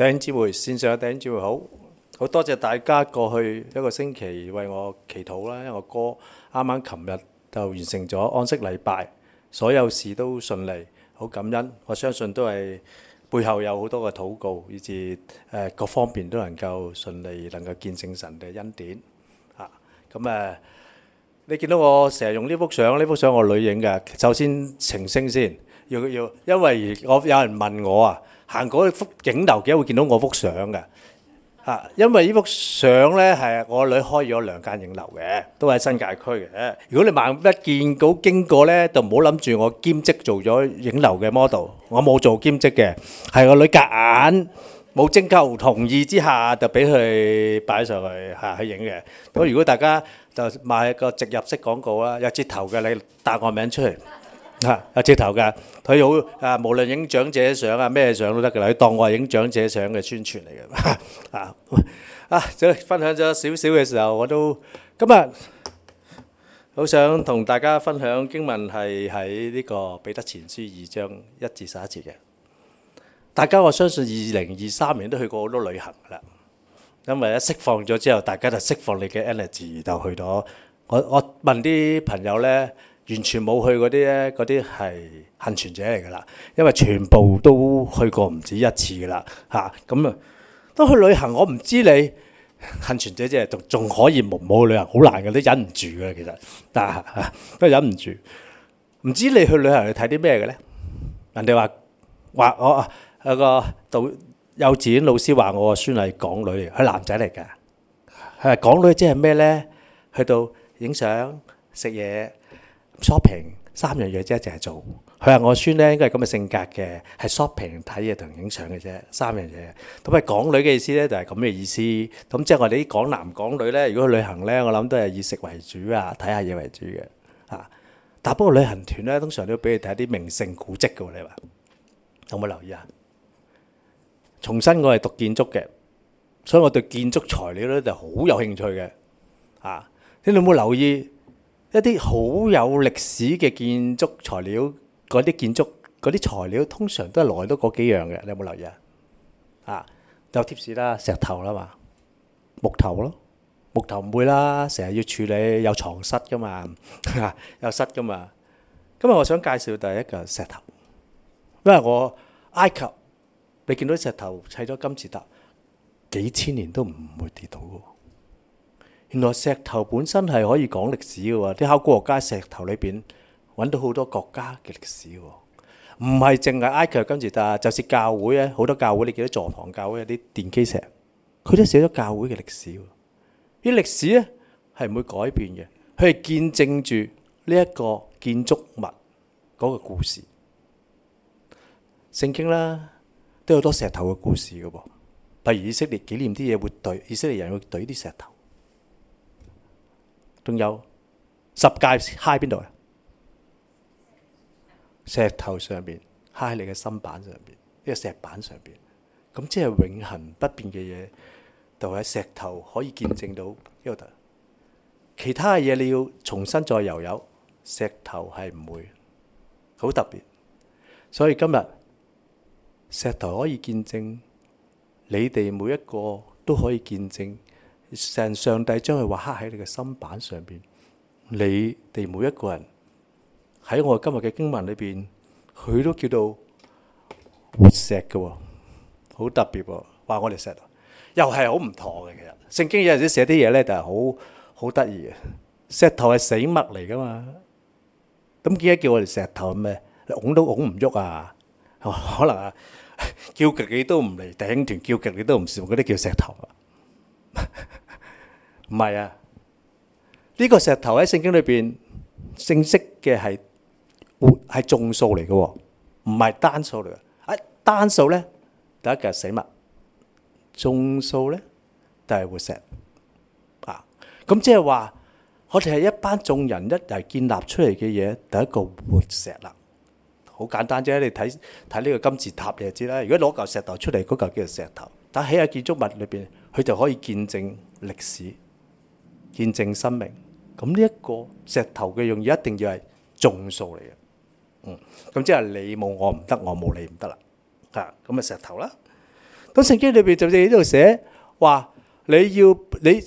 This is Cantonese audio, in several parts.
頂住會線上嘅頂住會好，好多謝大家過去一個星期為我祈禱啦。因為我哥啱啱琴日就完成咗安息禮拜，所有事都順利，好感恩。我相信都係背後有好多嘅禱告，以至誒各方面都能夠順利，能夠見證神嘅恩典。吓咁誒，你見到我成日用呢幅相，呢幅相我女影嘅。首先澄清先，要，要，因為我有人問我啊。行過去幅影樓，點解會見到我幅相嘅？嚇，因為呢幅相咧係我女開咗兩間影樓嘅，都喺新界區嘅。如果你萬一見到經過咧，就唔好諗住我兼職做咗影樓嘅 model，我冇做兼職嘅，係我女夾硬，冇徵求同意之下就俾佢擺上去嚇去影嘅。咁如果大家就買個植入式廣告啦，有折頭嘅你打個名出嚟。嚇！啊，直頭噶，佢好啊，無論影長者相啊，咩相都得噶啦。佢當我係影長者相嘅宣傳嚟嘅。嚇！啊，只分享咗少少嘅時候，我都今日好想同大家分享經文，係喺呢個彼得前書二章一至十一節嘅。大家我相信二零二三年都去過好多旅行啦，因為一釋放咗之後，大家就釋放你嘅 energy 就去咗。我我問啲朋友咧。完全冇去嗰啲咧，嗰啲係幸存者嚟㗎喇，因為全部都去過唔止一次㗎喇吓，咁啊都去旅行。我唔知你幸存者即係仲仲可以冇去旅行，好難㗎，都忍唔住㗎。其實，但係都忍唔住。唔知你去旅行係睇啲咩嘅咧？人哋話話我嗰個讀幼稚園老師話我個孫係港女嚟，係男仔嚟㗎。係港女即係咩咧？去到影相、食嘢、shopping 三樣嘢啫，淨係做。佢話我孫咧應該係咁嘅性格嘅，係 shopping 睇嘢同影相嘅啫，三樣嘢。咁係港女嘅意思咧，就係咁嘅意思。咁即係我哋啲港男港女咧，如果去旅行咧，我諗都係以食為主啊，睇下嘢為主嘅嚇。但係不過旅行團咧，通常都要俾佢睇啲名勝古蹟嘅喎，你話，有冇留意啊？重新我係讀建築嘅，所以我對建築材料咧就好有興趣嘅。嚇，你有冇留意？一啲好有歷史嘅建築材料，嗰啲建築嗰啲材料通常都係來到嗰幾樣嘅，你有冇留意啊？啊，有貼士啦，石頭啦嘛，木頭咯，木頭唔會啦，成日要處理有藏室噶嘛， 有室噶嘛。今日我想介紹第一個石頭，因為我埃及你見到石頭砌咗金字塔，幾千年都唔會跌倒噶。原來石頭本身係可以講歷史嘅喎。啲考古學家喺石頭裏邊揾到好多國家嘅歷史喎，唔係淨係埃及跟住，但係就是教會啊，好多教會你記得座堂教會有啲奠基石，佢都寫咗教會嘅歷史喎。啲歷史呢，係唔會改變嘅，佢係見證住呢一個建築物嗰個故事。聖經啦都有好多石頭嘅故事嘅噃，譬如以色列紀念啲嘢會對以色列人會對啲石頭。仲有十誡喺邊度啊？石頭上面，喺你嘅心板上面，呢個石板上面，咁即係永恆不變嘅嘢，就喺石頭可以見證到。記得，其他嘢你要重新再又有，石頭係唔會，好特別。所以今日石頭可以見證，你哋每一個都可以見證。成上帝將佢畫刻喺你嘅心板上邊，你哋每一個人喺我今日嘅經文裏邊，佢都叫到活石嘅喎，好特別喎，話我哋石頭，又係好唔妥嘅。其實聖經有陣時寫啲嘢咧，就係好好得意嘅。石頭係死物嚟噶嘛，咁點解叫我哋石頭咩，拱都拱唔喐啊？可能啊，叫極你都唔嚟頂住，叫極你都唔笑，嗰啲叫石頭啊。唔係啊！呢、這個石頭喺聖經裏邊，正式嘅係活，係眾數嚟嘅。哦，唔係單數嚟嘅。啊、哎，單數咧，第一個係死物，眾數咧，就係活石。啊，咁即係話，我哋係一班眾人一齊建立出嚟嘅嘢，第一個活石啦。好簡單啫，你睇睇呢個金字塔你就知啦。如果攞嚿石頭出嚟，嗰嚿叫做石頭；但喺啊建築物裏邊，佢就可以見證歷史。見證生命。咁呢一個石頭嘅用意，一定要係眾數嚟嘅。嗯，咁即係你冇我唔得，我冇你唔得啦。啊，咁啊石頭啦。咁聖經裏邊就正喺度寫話，你要你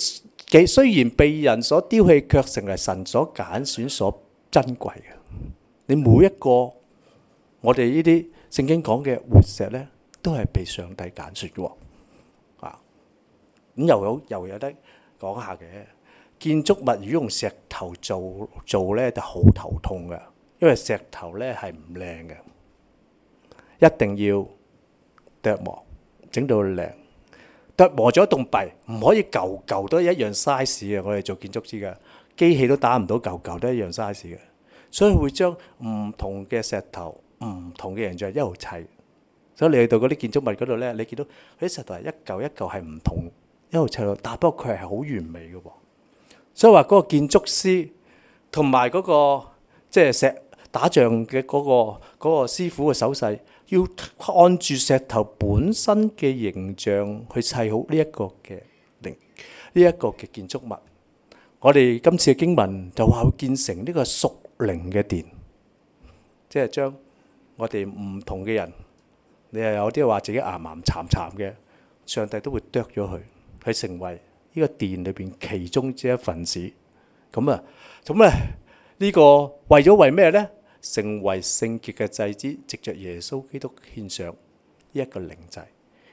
雖然被人所丟棄，卻成為神所揀選所珍貴嘅你每一個我哋呢啲聖經講嘅活石咧，都係被上帝揀選嘅啊。咁又有又有得講下嘅。建築物如果用石頭做做咧，就好頭痛嘅，因為石頭咧係唔靚嘅，一定要琢磨整到靚。琢磨咗一棟幣唔可以嚿嚿都一樣 size 嘅。我哋做建築師嘅機器都打唔到嚿嚿都一樣 size 嘅，所以會將唔同嘅石頭、唔同嘅形象一號砌。所以你去到嗰啲建築物嗰度咧，你見到嗰啲石頭係一嚿一嚿係唔同一號砌落，但不過佢係好完美嘅喎。所以話嗰個建築師同埋嗰個即係石打仗嘅嗰個嗰個師傅嘅手勢，要按住石頭本身嘅形象去砌好呢一個嘅靈呢一個嘅建築物。我哋今次嘅經文就話會建成呢個屬靈嘅殿，即係將我哋唔同嘅人，你又有啲話自己巖巖巉巉嘅，上帝都會啄咗佢，去成為。呢個殿裏邊其中之一份子，咁啊，咁咧呢個為咗為咩咧？成為聖潔嘅祭司，藉著耶穌基督獻上呢一個靈祭。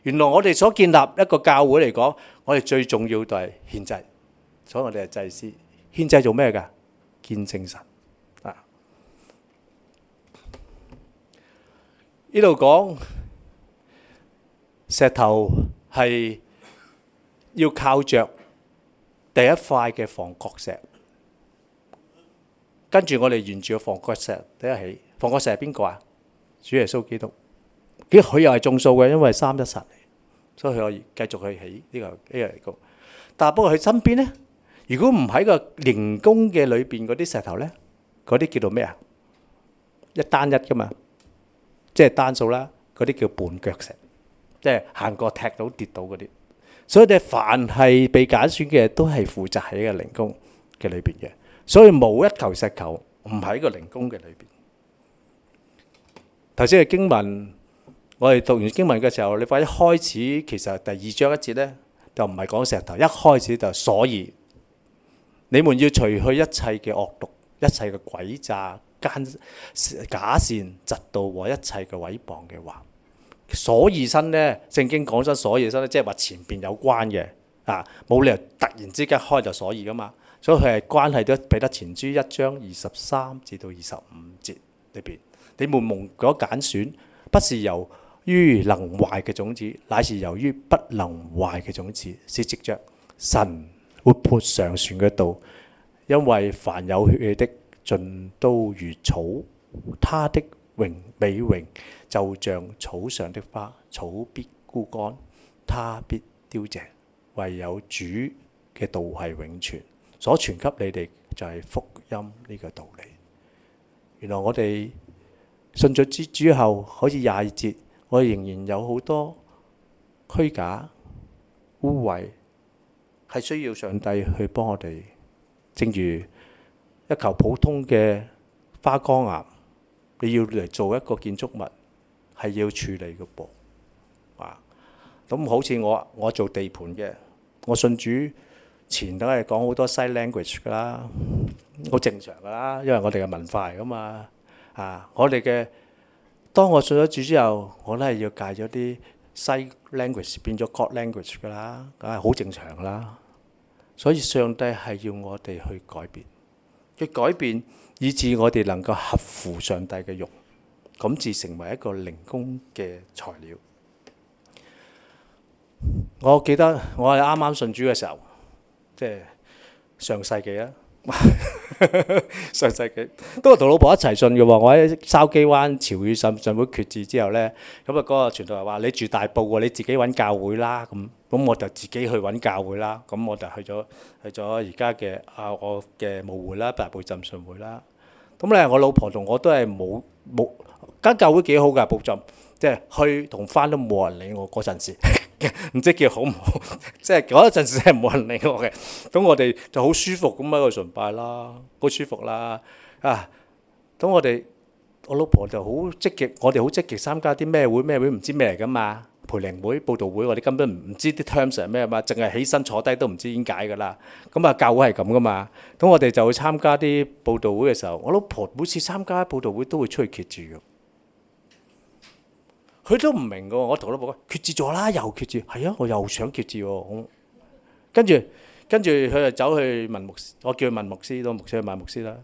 原來我哋所建立一個教會嚟講，我哋最重要就係獻祭。所以我哋係祭司，獻祭做咩㗎？見證神啊！呢度講石頭係。要靠著第一塊嘅房角石，跟住我哋沿住個房角石起。房角石係邊個啊？主耶穌基督，佢又係眾數嘅，因為三一神，所以佢可以繼續去起呢個呢個高。但係不過佢身邊咧，如果唔喺個靈宮嘅裏邊嗰啲石頭咧，嗰啲叫做咩啊？一單一㗎嘛，即係單數啦。嗰啲叫絆腳石，即係行過踢到跌到嗰啲。所以，我哋凡係被揀選嘅，都係負責喺個靈宮嘅裏邊嘅。所以，冇一球石球唔喺個靈宮嘅裏邊。頭先嘅經文，我哋讀完經文嘅時候，你發現開始其實第二章一節咧，就唔係講石頭，一開始就所以你們要除去一切嘅惡毒、一切嘅詭詐、奸假善、嫉妒和一切嘅毀謗嘅話。所以身咧，聖經講出所以身咧，即係話前邊有關嘅啊，冇理由突然之間開就所以噶嘛，所以佢係關係都彼得前書一章二十三至到二十五節裏邊，你們蒙嘅揀選，不是由於能壞嘅種子，乃是由於不能壞嘅種子，是藉著神活潑常存嘅道，因為凡有血氣的，盡都如草，他的。美榮就像草上的花，草必枯乾，它必凋謝。唯有主嘅道係永存，所傳給你哋就係、是、福音呢個道理。原來我哋信咗主之後，可以廿二節，我哋仍然有好多虛假污穢，係需要上帝去幫我哋。正如一嚿普通嘅花崗岩。你要嚟做一個建築物，係要處理嘅噃，啊！咁好似我我做地盤嘅，我信主前都係講好多西 language 㗎啦，好正常㗎啦，因為我哋嘅文化嚟噶嘛，啊！我哋嘅當我信咗主之後，我都係要戒咗啲西 language 變咗 god language 㗎啦，梗係好正常㗎啦。所以上帝係要我哋去改變。嘅改變，以致我哋能夠合乎上帝嘅用，咁至成為一個靈工嘅材料。我記得我係啱啱信主嘅時候，即係上世紀啦。 上世紀都係同老婆一齊信嘅喎，我喺筲箕灣潮語浸信會決志之後呢，咁啊嗰個傳道人話，你住大埔喎，你自己揾教會啦，咁咁我就自己去揾教會啦，咁我就去咗去咗而家嘅啊我嘅母會啦，大埔浸信會啦，咁咧我老婆同我都係冇冇間教會幾好噶，大埔浸即係去同返都冇人理我嗰陣時。唔知叫好唔好？ 即係嗰一陣時係冇人理 我嘅，咁我哋就好舒服咁喺度崇拜啦，好舒服啦啊！咁我哋我老婆就好積極，我哋好積極參加啲咩會咩會，唔知咩嚟噶嘛？培靈會、佈道會，我哋根本唔唔知啲 terms 係咩嘛，淨係起身坐低都唔知點解噶啦。咁啊，教會係咁噶嘛，咁我哋就會參加啲佈道會嘅時候，我老婆每次參加佈道會都會出去揭住佢都唔明㗎，我同老婆決志咗啦，又決志，係啊，我又想決志喎。跟住跟住佢就走去問牧師，我叫佢問牧師，到牧師去問牧師啦。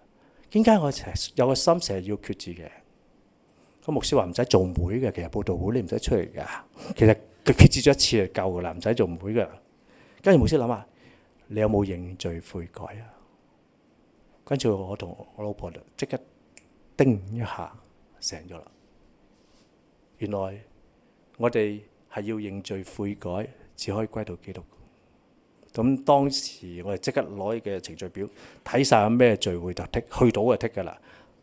點解我成日有個心成日要決志嘅？個牧師話唔使做會嘅，其實布道會你唔使出嚟㗎。其實佢決志咗一次就夠㗎啦，唔使做會㗎。跟住牧師諗下，你有冇認罪悔改啊？跟住我同我老婆就即刻叮一下，醒咗啦。原來我哋係要認罪悔改，只可以歸到基督。咁當時我哋即刻攞嘅程序表，睇晒有咩聚會就剔，去到就剔㗎啦。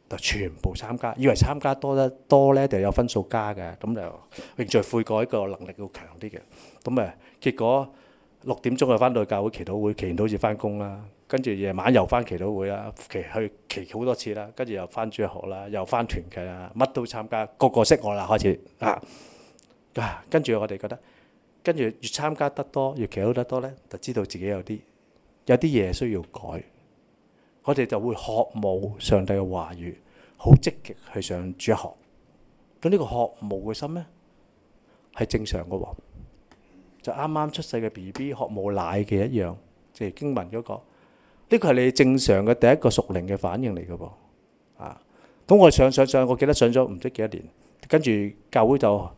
就全部參加，以為參加多得多咧，就有分數加嘅。咁就認罪悔改個能力要強啲嘅。咁誒，結果六點鐘就翻到去教會祈禱會，祈禱好似翻工啦。跟住夜晚又返祈禱會啦，祈去祈好多次啦。跟住又返主學啦，又返團契啊，乜都參加，個個識我啦。開始啊啊，跟住我哋覺得，跟住越參加得多，越祈禱得多咧，就知道自己有啲有啲嘢需要改。我哋就會渴慕上帝嘅話語，好積極去上主學。咁呢個渴慕嘅心咧，係正常嘅。就啱啱出世嘅 B B 渴慕奶嘅一樣，即係經文嗰個。呢個係你正常嘅第一個熟靈嘅反應嚟嘅噃啊！咁、嗯、我上上上，我記得上咗唔知幾多年，跟住教會就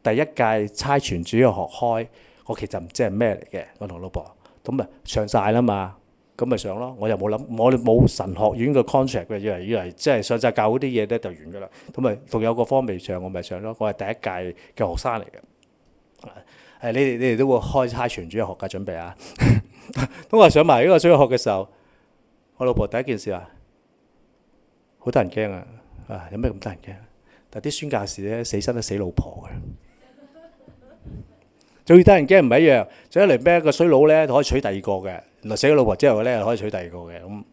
第一屆差傳主要學開，我其實唔知係咩嚟嘅。我同老婆咁咪、嗯、上晒啦嘛，咁咪上咯。我又冇諗，我冇神學院嘅 contract 嘅，以為以為即係上晒教會啲嘢咧就完㗎啦。咁咪仲有個科目上，我咪上咯。我係第一屆嘅學生嚟嘅。誒、啊，你哋你哋都會開差傳主要學嘅準備啊！ 當我上埋呢個中學嘅時候，我老婆第一件事啊，好得人驚啊！啊，有咩咁得人驚？但啲宣教士咧，死身都死老婆嘅， 最得人驚唔係一樣，就一嚟孭個衰佬咧就可以娶第二個嘅，原來死咗老婆之後咧可以娶第二個嘅咁。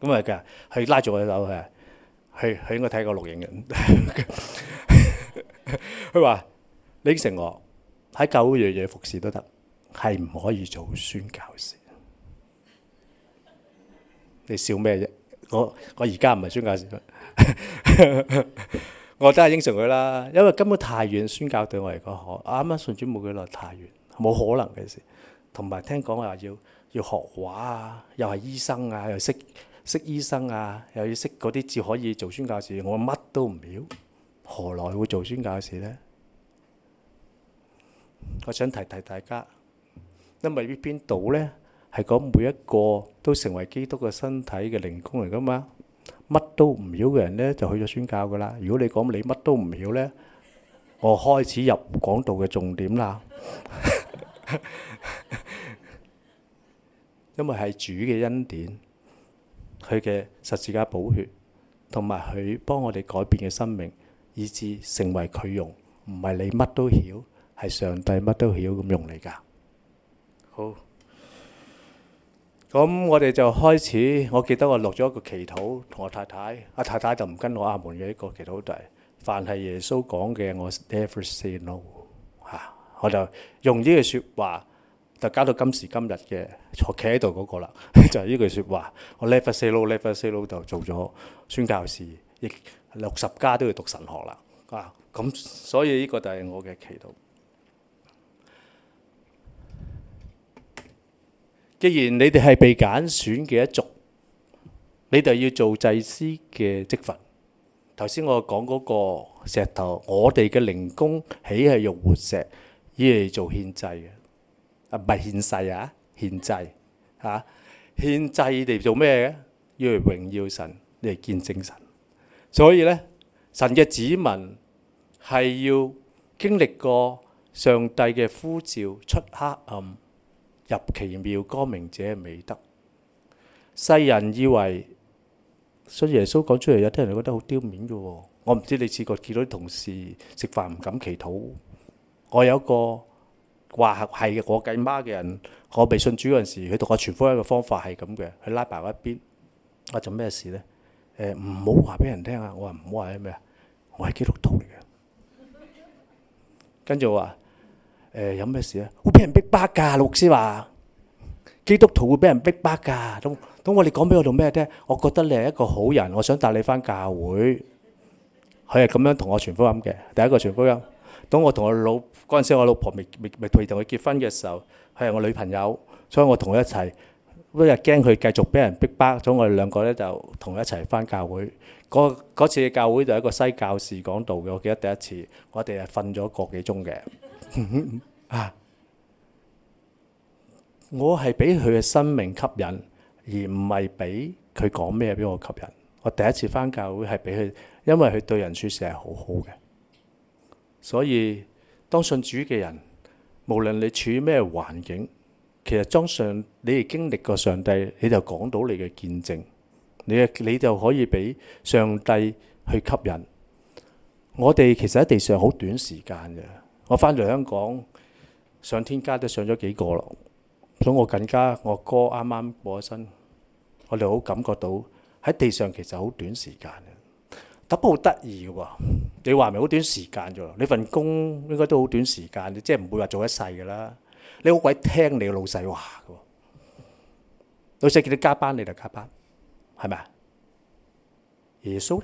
咁啊，佢拉住我手，佢話：，佢應該睇過錄影嘅。佢 話：，你應承我喺教會樣樣服侍都得。係唔可以做宣教士？你笑咩啫？我我而家唔係宣教士，我都係應承佢啦。因為根本太遠，宣教對我嚟講，我啱啱順轉冇幾耐，太遠，冇可能嘅事。同埋聽講話要要學畫啊，又係醫生啊，又識識醫生啊，又要識嗰啲至可以做宣教士。我乜都唔曉，何來會做宣教士呢？我想提提大家。因為呢邊度咧，係講每一個都成為基督嘅身體嘅靈工嚟㗎嘛，乜都唔曉嘅人咧就去咗宣教㗎啦。如果你講你乜都唔曉咧，我開始入講道嘅重點啦。因為係主嘅恩典，佢嘅十字架寶血，同埋佢幫我哋改變嘅生命，以致成為佢用。唔係你乜都曉，係上帝乜都曉咁用嚟㗎。好，咁我哋就開始。我記得我落咗一個祈禱，同我太太，阿、啊、太太就唔跟我阿門嘅一個祈禱就係，是凡係耶穌講嘅，我 never say no 吓、啊。我就用呢句說話，就加到今時今日嘅坐企喺度嗰個啦，就係、是、呢句說話。我 never say no，never say no 就做咗宣教士，亦六十家都要讀神學啦。啊，咁、啊、所以呢個就係我嘅祈禱。既然你哋係被揀選嘅一族，你哋要做祭司嘅職份。頭先我講嗰個石頭，我哋嘅靈工起係用活石，以嚟，做獻祭嘅。啊，唔係獻世啊，獻祭。吓，獻祭嚟做咩嘅？要嚟榮耀神，嚟見證神。所以咧，神嘅子民係要經歷過上帝嘅呼召，出黑暗，入奇妙光明者嘅美德，世人以為，所以耶穌講出嚟，有啲人覺得好丟面嘅喎。我唔知你試過見到啲同事食飯唔敢祈禱。我有個話係係嘅，我契媽嘅人，我未信主嗰陣時，佢同我傳福音嘅方法係咁嘅，佢拉埋我一邊，我做咩事呢？誒，唔好話俾人聽啊！我話唔好話咩啊？我係基督徒嚟嘅，跟住我話。誒、呃、有咩事咧？會俾人逼巴㗎，律師話基督徒會俾人逼巴㗎。咁咁，我哋講俾我做咩啫？我覺得你係一個好人，我想帶你翻教會。佢係咁樣同我傳福音嘅，第一個傳福音。咁我同我老嗰陣時，我老婆未未未同佢結婚嘅時候，佢係我女朋友，所以我同佢一齊。嗰日驚佢繼續俾人逼巴咗。我哋兩個咧就同佢一齊翻教會。嗰嗰次教會就係一個西教士講道嘅，我記得第一次，我哋係瞓咗個幾鐘嘅。 我係畀佢嘅生命吸引，而唔係畀佢講咩畀我吸引。我第一次返教會係畀佢，因為佢對人處事係好好嘅。所以當信主嘅人，無論你處於咩環境，其實當上你哋經歷過上帝，你就講到你嘅見證，你你就可以畀上帝去吸引。我哋其實喺地上好短時間嘅。我翻嚟香港上天家都上咗幾個，所以我更加。我哥啱啱過咗身，我哋好感覺到喺地上其實好短時間嘅，但不過好得意嘅喎，你話咪好短時間啫？你份工應該都好短時間，你即係唔會話做一世㗎啦。你好鬼聽你個老細話嘅喎，老細叫你加班你就加班，係咪啊？耶穌。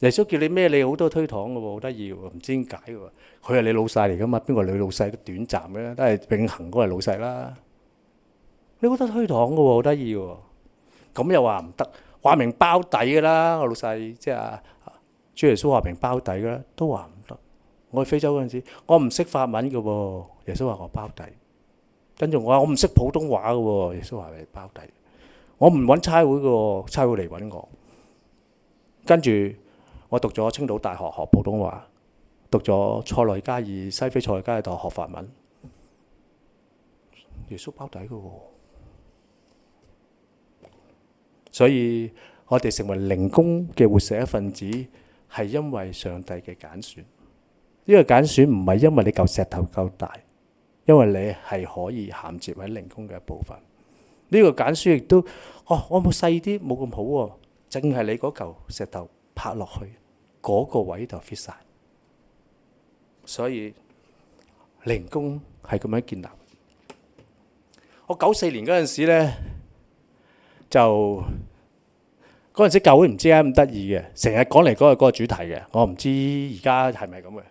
耶穌叫你咩？你好多推搪嘅喎，好得意喎，唔知點解喎。佢係你老細嚟噶嘛？邊個女老細都短暫嘅，都係永恆嗰個老細啦。你好多推搪嘅喎，好得意喎。咁又話唔得，話明包底嘅啦。我老細即係啊，主耶穌話明包底嘅啦，都話唔得。我去非洲嗰陣時，我唔識法文嘅喎，耶穌話我包底。跟住我話我唔識普通話嘅喎，耶穌話我係包底。我唔揾差會嘅喎，差會嚟揾我，跟住。我讀咗青島大學學普通話，讀咗塞內加爾西非塞內加爾大學學法文，耶穌包底嘅喎，所以我哋成為靈宮嘅活石一份子，係因為上帝嘅揀選。呢個揀選唔係因為你嚿石頭夠大，因為你係可以銜接喺靈宮嘅一部分。呢個揀選亦都哦，我冇細啲冇咁好喎，淨係你嗰嚿石頭。拍落去嗰、那個位就 fit 曬，所以靈工係咁樣建立。我九四年嗰陣時咧，就嗰陣時教會唔知點解咁得意嘅，成日講嚟講去嗰個主題嘅。我唔知而家係咪咁嘅。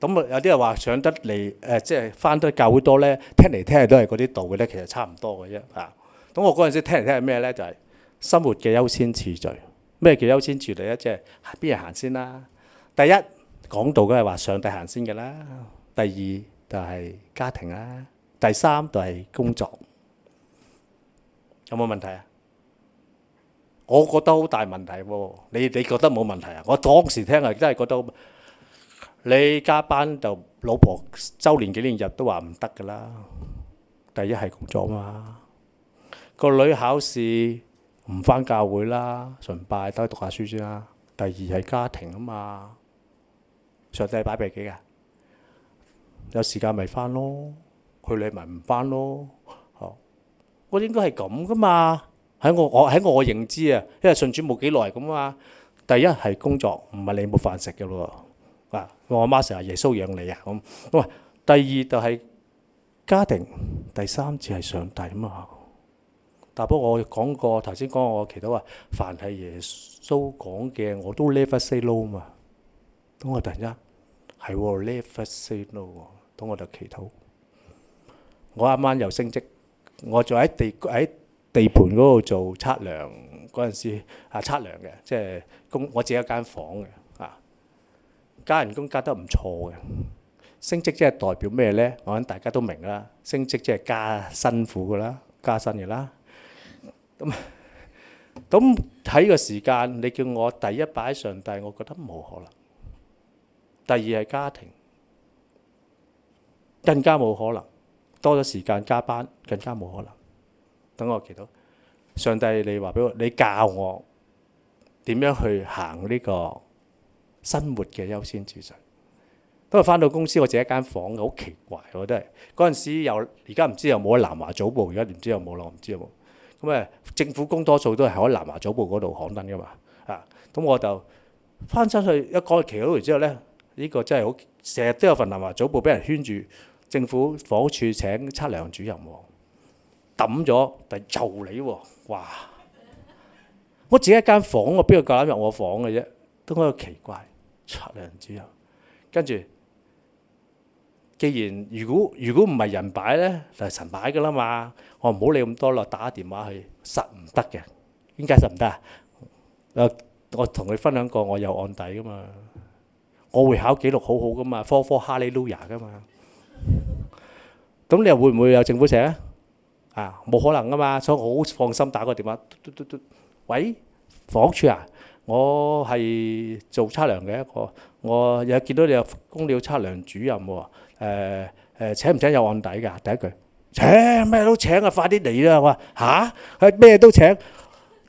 咁有啲人話上得嚟誒，即係翻得教會多呢，聽嚟聽去都係嗰啲道嘅呢，其實差唔多嘅啫。啊，咁我嗰陣時聽嚟聽去咩呢？就係、是、生活嘅優先次序。咩叫優先處理？即係邊人行先啦？第一講到嘅係話上帝行先嘅啦，第二就係家庭啦，第三就係工作，有冇問題啊？我覺得好大問題喎！你你覺得冇問題啊？我當時聽啊，真係覺得你加班就老婆週年紀念日都話唔得㗎啦。第一係工作嘛，個女考試。唔翻教會啦，順拜都係讀下書先啦。第二係家庭啊嘛，上帝擺俾你幾嘅，有時間咪翻咯。佢你咪唔翻咯。我應該係咁噶嘛。喺我我喺我嘅認知啊，因為信主冇幾耐咁啊。第一係工作，唔係你冇飯食嘅咯。啊，我阿媽成日耶穌養你啊咁。喂，第二就係家庭，第三至係上帝啊嘛。但係，不過我講過頭先講我祈禱話，凡係耶穌講嘅，我都 never say no 嘛。咁我突然間係喎，never say no 喎。咁我就祈禱。我啱啱又升職，我仲喺地喺地盤嗰度做測量嗰陣時啊，測量嘅即係工，我自己有間房嘅啊，加人工加得唔錯嘅。升職即係代表咩呢？我諗大家都明啦。升職即係加辛苦噶啦，加薪嘅啦。咁咁睇個時間，你叫我第一擺喺上帝，我覺得冇可能。第二係家庭，更加冇可能。多咗時間加班，更加冇可能。等我祈禱上帝，你話俾我，你教我點樣去行呢個生活嘅優先至上。不過翻到公司，我自己一間房，好奇怪，我都係嗰陣時又而家唔知有冇喺南華早報，而家唔知有冇啦，我唔知有冇。咁誒，政府工多數都係喺南華祖廟嗰度刊登噶嘛，啊，咁我就翻出去一月期咗嚟之後咧，呢、這個真係好，成日都有份南華祖廟俾人圈住，政府房署請測量主任喎，揼咗，但係又嚟喎，哇！我自己一間房，我邊度夠膽入我房嘅啫？都覺得奇怪，測量主任，跟住既然如果如果唔係人擺咧，就係、是、神擺噶啦嘛。我唔好理咁多啦，打電話去實唔得嘅。點解實唔得啊？誒，我同佢分享過，我有案底噶嘛，我會考紀錄好好噶嘛，科科哈利路亞噶嘛。咁你又會唔會有政府寫啊？啊，冇可能噶嘛，所以我好放心打個電話。嘟嘟嘟嘟，喂，房屋處啊，我係做測量嘅一個，我有見到你有工料測量主任喎。誒誒，請唔請有案底嘅第一句？請咩都請啊！快啲嚟啦！我話吓佢咩都請。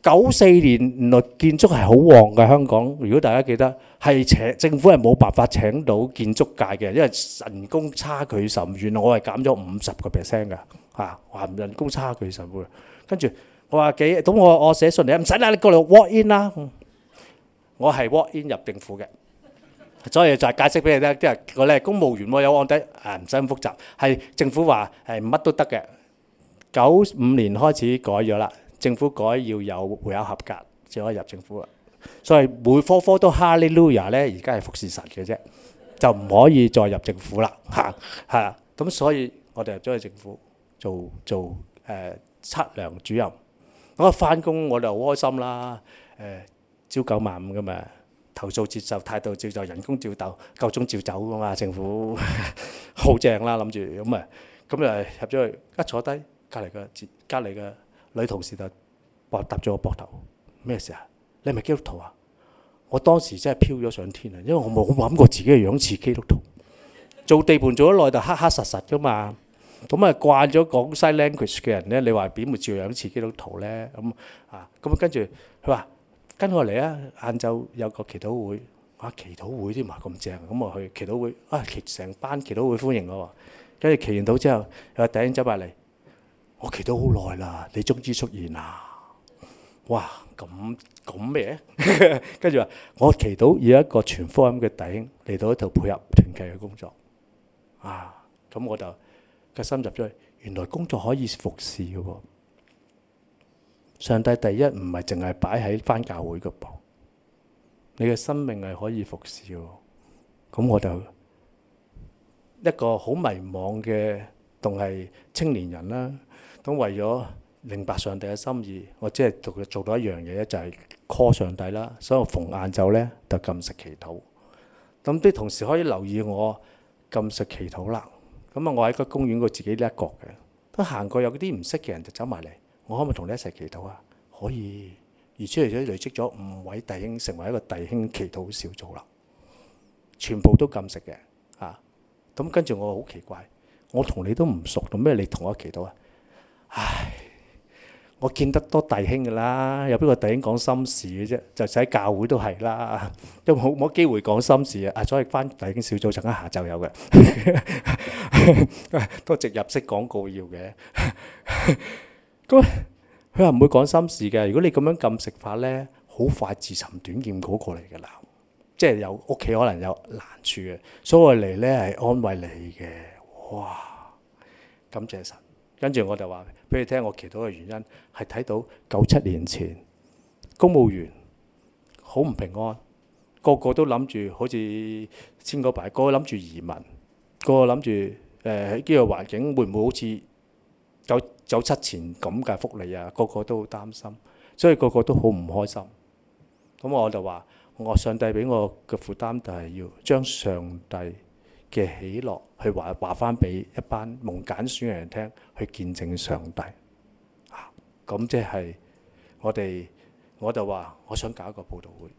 九四年原來建築係好旺嘅香港。如果大家記得係請政府係冇辦法請到建築界嘅，因為人工差距甚遠。我係減咗五十個 percent 嘅吓，話人工差距甚遠。跟住我話幾咁我我寫信你唔使啦，你過嚟 walk in 啦。我係 walk in 入政府嘅。所以就解釋俾你聽，即係我咧係公務員喎，有案底，誒唔使咁複雜，係政府話係乜都得嘅。九五年開始改咗啦，政府改要有會考合格，先可以入政府啦。所以每科科都哈利路亞咧，而家係服事神嘅啫，就唔可以再入政府啦。嚇係啦，咁所以我哋入咗去政府做做誒測量主任，我一翻工我就好開心啦，誒朝九晚五嘅嘛。投訴、接受態度、照就人工、照鬥夠鐘、照走噶嘛？政府好正啦，諗住咁啊，咁啊入咗去一坐低，隔離嘅隔離嘅女同事就拍搭咗我膊頭，咩事啊？你係咪基督徒啊？我當時真係飄咗上天啊！因為我冇冇諗過自己係樣似基督徒，做地盤做咗耐就黑黑實實噶嘛。咁啊慣咗廣西 language 嘅人咧，你話點會照樣似基督徒咧？咁啊咁跟住佢話。跟我嚟啊！晏晝有個祈禱會，哇！祈禱會啲唔係咁正，咁我去祈禱會，啊！成班祈禱會歡迎我喎。跟住祈完禱之後，有個弟兄走埋嚟，我祈禱好耐啦，你終於出現啦！哇！咁咁咩？跟住話我祈禱有一個全福音嘅弟兄嚟到呢度配合團契嘅工作啊！咁我就個心入咗去，原來工作可以服侍嘅喎。上帝第一唔係淨係擺喺返教會嗰度，你嘅生命係可以服侍喎。咁我就一個好迷茫嘅，仲係青年人啦。咁為咗明白上帝嘅心意，我即係做做到一樣嘢咧，就係 call 上帝啦。所以我逢晏晝咧就禁食祈禱。咁啲同事可以留意我禁食祈禱啦。咁啊，我喺個公園度自己叻角嘅，都行過有啲唔識嘅人就走埋嚟。我可唔可以同你一齊祈禱啊？可以，而且累積咗五位弟兄，成為一個弟兄祈禱小組啦。全部都禁食嘅，啊！咁跟住我好奇怪，我同你都唔熟，做咩你同我祈禱啊？唉，我見得多弟兄噶啦，有邊個弟兄講心事嘅啫？就喺教會都係啦，都冇冇機會講心事啊！啊，所以返弟兄小組，陣間下晝有嘅，都 植入式廣告要嘅。 佢話唔會講心事嘅。如果你咁樣咁食法咧，好快自尋短見嗰個嚟嘅啦。即係有屋企可能有難處嘅，所以我嚟咧係安慰你嘅。哇！感謝神。跟住我就話俾你聽，我祈禱嘅原因係睇到九七年前公務員好唔平安，個個都諗住好似千個牌，個個諗住移民，個個諗住誒喺呢個環境會唔會好似九走七前咁嘅福利啊，個個都好擔心，所以個個都好唔開心。咁我就話：我上帝俾我嘅負擔就係要將上帝嘅喜樂去話話翻俾一班蒙揀選嘅人聽，去見證上帝啊。咁即係我哋，我就話我想搞一個報道會。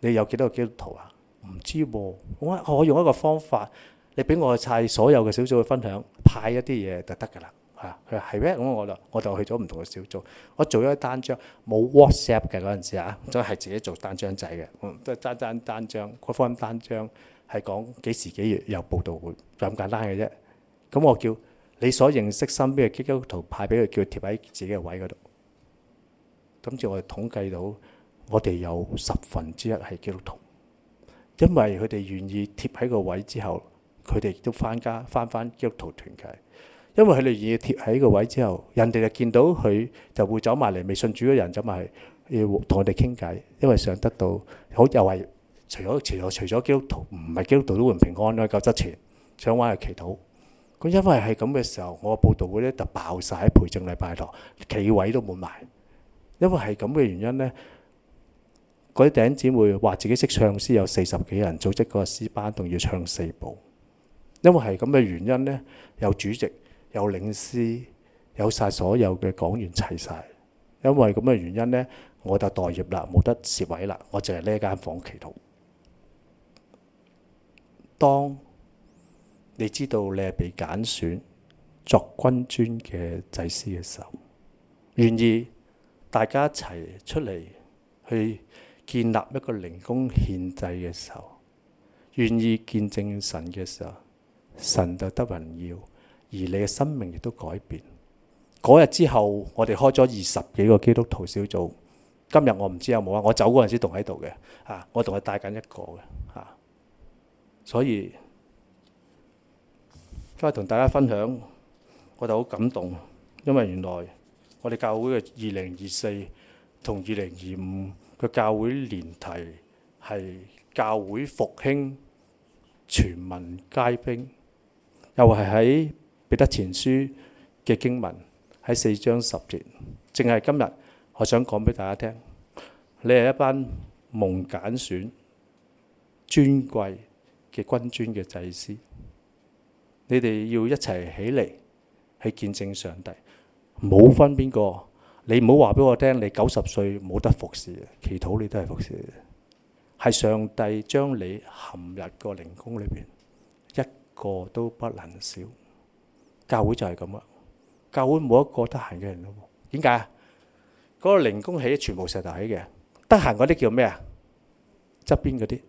你有幾多個基督徒啊？唔知喎，我可以用一個方法，你俾我派所有嘅小組去分享，派一啲嘢就得㗎啦。係啊，佢話咩？咁我就我就去咗唔同嘅小組，我做咗單張冇 WhatsApp 嘅嗰陣時啊，真係自己做單張仔嘅，都、嗯、單單單張嗰份單張係講幾時幾月有報導會，就咁簡單嘅啫。咁我叫你所認識身邊嘅基督徒派俾佢，叫佢貼喺自己嘅位嗰度。跟住我哋統計到，我哋有十分之一係基督徒，因為佢哋願意貼喺個位之後，佢哋都翻家翻翻基督徒團契。因為佢哋而家貼喺個位之後，人哋就見到佢就會走埋嚟。未信主嘅人走埋嚟，要同我哋傾偈，因為想得到。好又係除咗除咗除咗基督徒，唔係基督徒都會唔平安。你夠質錢，想玩就祈禱。咁因為係咁嘅時候，我報道會咧就爆曬喺培正禮拜堂，企位都滿埋。因為係咁嘅原因咧，嗰啲頂姊妹話自己識唱詩有四十幾人，組織嗰個詩班仲要唱四部。因為係咁嘅原因咧，有主席。有領詩，有曬所有嘅講員齊曬，因為咁嘅原因呢，我就代業啦，冇得蝕位啦，我就係呢一間房祈禱。當你知道你係被揀選作君尊嘅祭司嘅時候，願意大家一齊出嚟去建立一個靈宮獻祭嘅時候，願意見證神嘅時候，神就得榮耀。而你嘅生命亦都改變。嗰日之後，我哋開咗二十幾個基督徒小組。今日我唔知有冇啊？我走嗰陣時，仲喺度嘅嚇，我仲係帶緊一個嘅嚇、啊。所以今日同大家分享，我就好感動，因為原來我哋教會嘅二零二四同二零二五嘅教會年題係教會復興，全民皆兵，又係喺。彼得前書嘅經文喺四章十節，正係今日我想講俾大家聽。你係一班蒙揀選尊貴嘅君尊嘅祭司，你哋要一齊起嚟去見證上帝。冇分邊個，你唔好話俾我聽，你九十歲冇得服侍。祈禱你都係服侍嘅，係上帝將你含入個靈宮裏邊，一個都不能少。教會就係咁啦，教會冇一個得閒嘅人咯。點解啊？嗰個靈宮起全部石頭起嘅，得閒嗰啲叫咩啊？側邊嗰啲，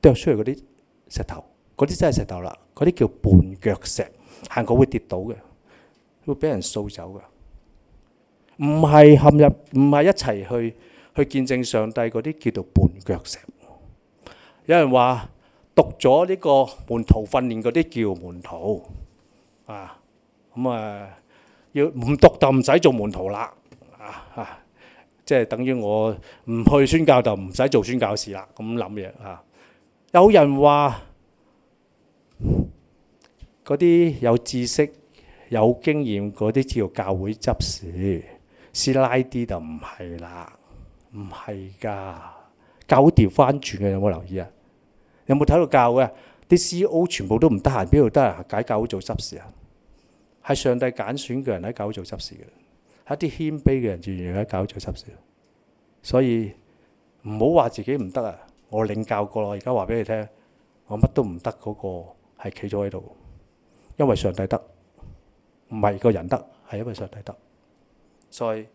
掉落出嚟嗰啲石頭，嗰啲真係石頭啦。嗰啲叫絆腳石，行過會跌倒嘅，會俾人掃走㗎。唔係陷入，唔係一齊去去見證上帝嗰啲叫做絆腳石。有人話讀咗呢個門徒訓練嗰啲叫門徒。啊，咁啊，要唔讀就唔使做門徒啦，啊啊，即係等於我唔去宣教就唔使做宣教士啦，咁諗嘢啊。有人話嗰啲有知識、有經驗嗰啲叫教會執事，師奶啲就唔係啦，唔係噶，教調翻轉嘅，有冇留意啊？有冇睇到教嘅？啲 CEO 全部都唔得閒，邊度得閒解教會做執事啊？係上帝揀選嘅人喺教會做執事嘅，係一啲謙卑嘅人，自然喺教會做執事。所以唔好話自己唔得啊！我領教過咯，而家話俾你聽，我乜都唔得嗰個係企咗喺度，因為上帝得，唔係個人得，係因為上帝得。所以，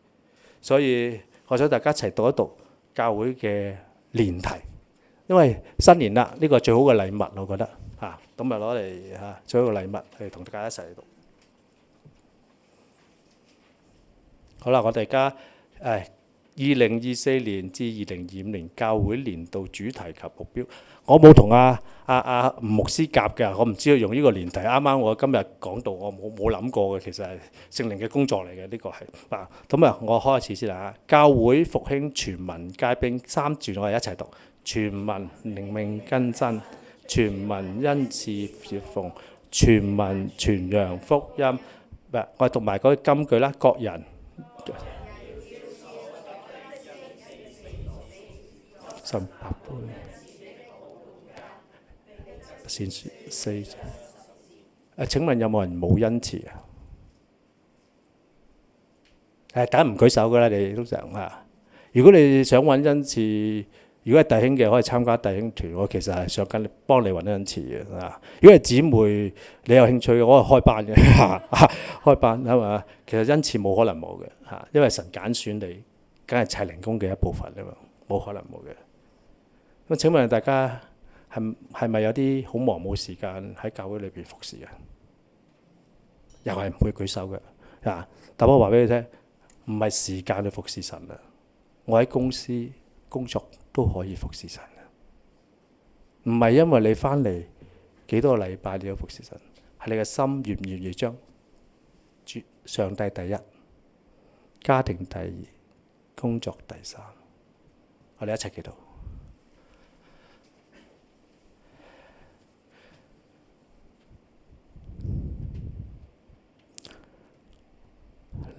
所以我想大家一齊讀一讀教會嘅聯題。因為新年啦，呢個最好嘅禮物，我覺得嚇，咁咪攞嚟嚇，最好嘅禮物去同大家一齊去讀。好啦，我哋而家誒二零二四年至二零二五年教會年度主題及目標，我冇同阿阿阿吳牧師夾㗎，我唔知用呢個年題。啱啱我今日講到，我冇冇諗過嘅，其實係聖靈嘅工作嚟嘅，呢個係嗱。咁啊，我開始先啦。教會復興全民皆兵三段，我哋一齊讀。全民靈命更新，全民恩賜接逢，全民傳揚福音。喂，我讀埋嗰啲金句啦。各人十八杯先四。誒？請問有冇人冇恩賜啊？誒，梗係唔舉手噶啦！你通常嚇，如果你想揾恩賜。如果係弟兄嘅，可以參加弟兄團。我其實係想跟幫你揾恩賜。嘅啊。如果係姊妹，你有興趣，我係開班嘅、啊，開班係咪？其實恩賜冇可能冇嘅嚇，因為神揀選你，梗係砌靈工嘅一部分啊嘛，冇可能冇嘅。咁請問大家係係咪有啲好忙冇時間喺教會裏邊服侍嘅？又係唔會舉手嘅啊！但我話俾你聽，唔係時間去服侍神啊。我喺公司工作，都可以服侍神，唔係因為你翻嚟幾多個禮拜你要服侍神，係你嘅心願唔願意將主，上帝第一，家庭第二，工作第三。我哋一齊祈禱。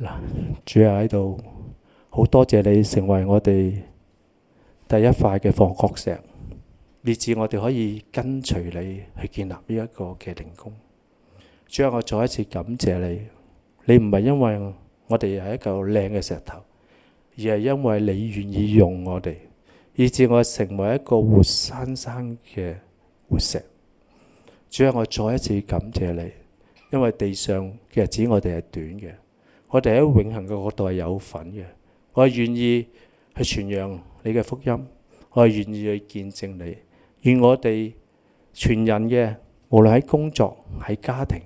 嗱，主啊喺度，好多謝你成為我哋第一塊嘅房角石，以致我哋可以跟隨你去建立呢一個嘅靈宮。主啊，我再一次感謝你。你唔係因為我哋係一嚿靚嘅石頭，而係因為你願意用我哋，以致我成為一個活生生嘅活石。主啊，我再一次感謝你，因為地上嘅日子我哋係短嘅，我哋喺永恆嘅角度係有份嘅。我係願意，去傳揚你嘅福音，我係願意去見證你。願我哋全人嘅，無論喺工作、喺家庭，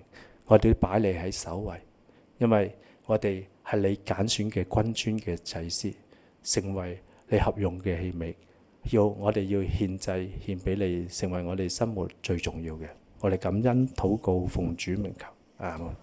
我哋都擺你喺首位，因為我哋係你揀選嘅君尊嘅祭司，成為你合用嘅器皿。要我哋要獻祭獻畀你，成為我哋生活最重要嘅。我哋感恩禱告奉主名求啊！